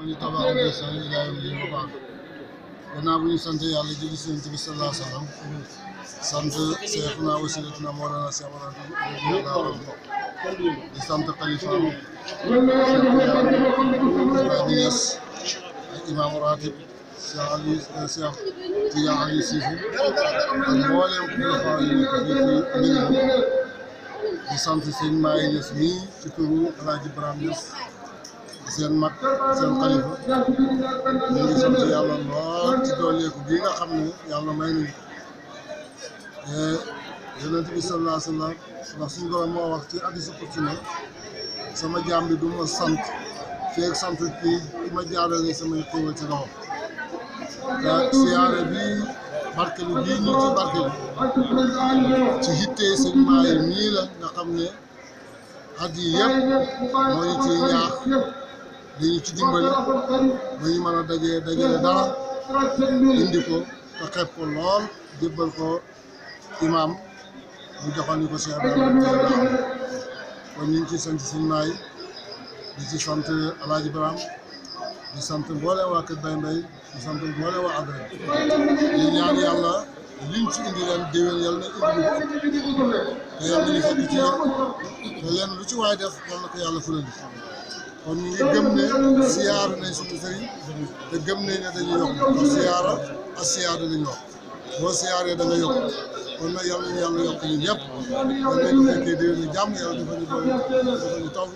ma ñu tabaxal bi sax lii daayam lii bu baax gannaaw bu ñu sant yàlla jëli si yonent bi sallallahu alayhi wa sallam sant seexuna wasiilatuna mawlaana Seex Umar radiyallaahu anhu di sant xalifaam di Ñas ak imaam ratib Seex Ali Seex Tijaan Ali Sifi ak mbooleem xalifa yi nekk fii ci di sant sëñ Maay Ñas mii ci turu Alaaji Ibrahima Ñas seen mag seen xalifa ñu ngi sant yàlla lool ci dooleeku bii nga xam ne yàlla may nañu yonent bi sallallahu alayhi wa sallam ndax suñu moo wax ci hadiisu qudsi ne sama jaam bi du ma sant feeg sant kii du ma jaarale samay xéewal ci loxo siyaare bi barke bi bii ñu ci barke bi ci hittee sëñ Maay mii la nga xam ne at yi yëpp moo ñu ñaax li ci dimbali ba ñu mën a dajee dajale indi ko te xeeb lool jébbal ko imaam bu joxoon ñu ko Cheikh Ibrahima Fall kon ñu ngi ciy sant suñu maay di ci sant El Hadj Ibrahima di sant mboolem waa Kër Baye Mbaye di waa Adra di ñaan yàlla liñ ci indi leen déwén yàlla na indi lu te yàlla nañu fekk ci yoon te leen lu ci waay def yàlla ko yàlla fulandi. kon ñu ngi gëm ne siyaar nañ suñu sëriñ te gëm nañ ne dañuy yokk ndax siyaara ak siyaar danañ yokk boo siyaaree da yokk kon nag yàlla yàlla yokk ñun ñëpp kon nag bu fekkee déglu ñu ñu doon dafa ñu taw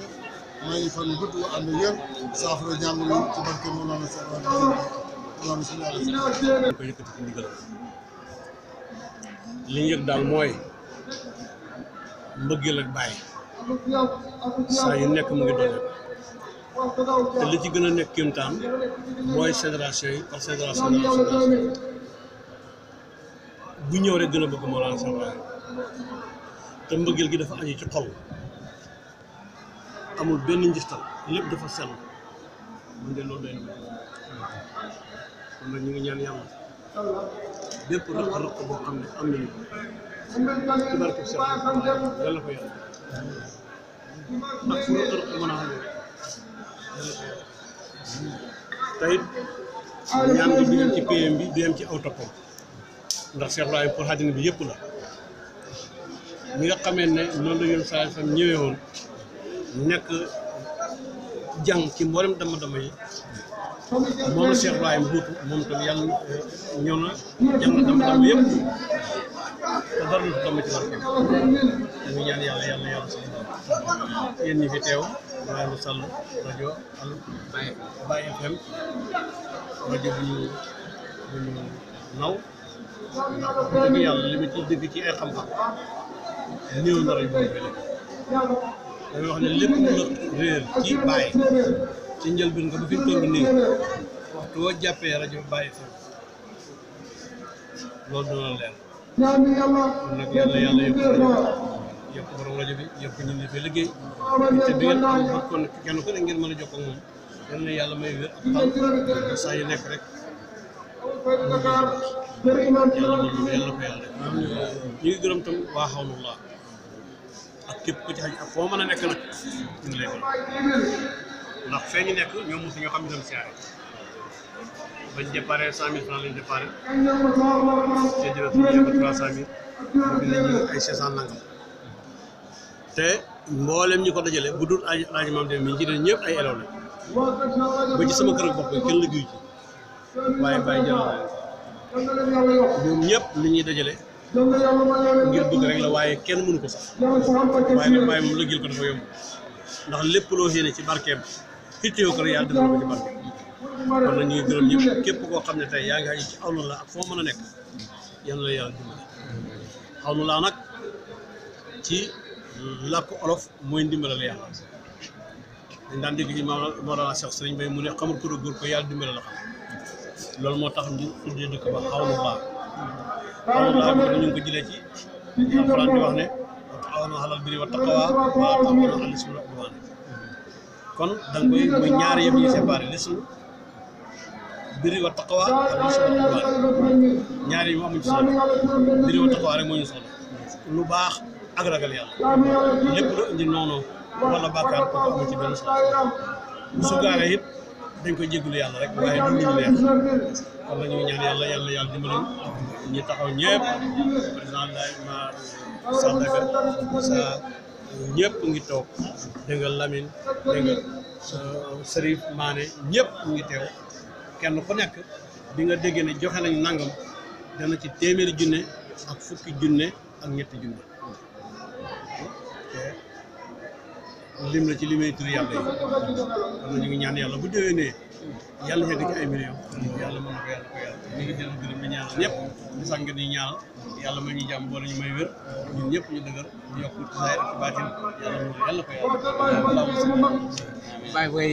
maa ngi fan gudd wa ànd ci barke ko yëkkati ci ndigal li ñu yëg daal mooy mbëggeel ak bàyyi saa yu nekk mu ngi doon te li ci gën a nekk kéemtaan mooy génération yi par génération yi bu ñëw rek gën a bëgg Mawlana Cheikh Ibrahim te mbëggeel gi dafa aju ci xol amul benn njistal lépp dafa sell mun de na ñu ngi ñaan yàlla bépp rëq-rëq boo xam ne am nañu ko ci barke Cheikh yàlla ko yàlla ndax fu rëq-rëq mën a tey ñaan gi du yem ci PM bi du yem ci aw toppam ndax Cheikh Ibrahim pour àddina bi yépp la mi nga xamee ne noonu la yoon saa sam ñëwee woon nekk jàng ci mboolem dama dama yi moom la Cheikh moom tam yàlla eh, ñëw na jàng dama dama dama ci barke ñu ñaan yàlla yàlla yàlla sax yéen ñi fi teew Ibrahima Sall rajo Al Baye FM rajo bu ñu bu ñu naw wax yàlla li ma ci ci ay xam-xam néew rajo boobu benn wax ne lépp lu réer ci Baye ci njëlbeen nga ba fi toll nii waxtu woo leen kon nag yàlla yàlla yëpp yokk borom rajo bi yokk ñun ñu fay liggéey te bi ngeen am ba kon kenn ku ne ngeen mën a jokkoo ak moom yal na yàlla may wér ak tal saa yu nekk rek yàlla na ko yàlla ñu ngi gërëm tam waa xawlullah ak képp ku ci ak foo mën a nekk nag ñu ngi lay gërëm ndax feeñu nekk ñoom mosu ñoo xam ne dem siyaare bañ déparé cent mille franc lañ déparé te jëlee suñu yëngu trois cent mille ay six cent te mboolem ñi ko dajale bu dul aaj aaj maam dem mi ñu ci doon ñëpp ay élèves la ba ci sama kër ñëpp li ñuy dajale ngir bëgg rek la waaye kenn mënu ko sax waaye nag waaye moom liggéeyal ko dafa yomb ndax lépp loo yéene ci barkeem ittoo ko rek yàlla defal ko ci barkeem kon nag ñu ngi gërëm képp koo xam ne tey yaa ngi aju ci aw la ak foo mën a nekk yan na la yàlla dimbali aw la nag ci. làkk olof mooy ndimbalal yàlla dañ daan dégg ci Mawlana Cheikh Sëriñ Bay mu ne xamul ko góor ko yàlla dimbalal xam loolu moo tax ñu tuddee dëkk ba xawlu baax xawlu baax ñu ngi ko jëlee wax ne wa kon da nga koy muy ñaari yëpp yi séparé lismu birri wa taqwa ak ismi wal udwaan ñaari yi mu amuñ ci solo birri wa taqwa rek moo ñu soxla lu baax ak ragal yàlla lépp lu noonu wala bàkkaar kooku amul ci benn dañ koy jéggalu yàlla rek waaye du ñu leer kon nag ñu yàlla yàlla yàlla dimbali ñi taxaw ñëpp président Ndeye Mar ngi toog dégg nga Lamine dégg nga Serif ngi teew kenn ku nekk bi nga déggee ne joxe nañ nangam dana ci téeméeri junne ak fukki junne. ak ñetti junni lim la ci limay tur yàlla yi kon ñu ngi ñaan yàlla bu déwénee yàlla xëy na ci ay millions. yàlla mën na ko yàlla ko yàlla ñu ngi jël gërëm di ñaanal ñëpp di sànq di ñaanal yàlla may ñu jàmm boole ñu may wér ñun ñëpp ñu dëgër ñu yokk ci saa yi ak baatin yàlla mën na yàlla ko yàlla.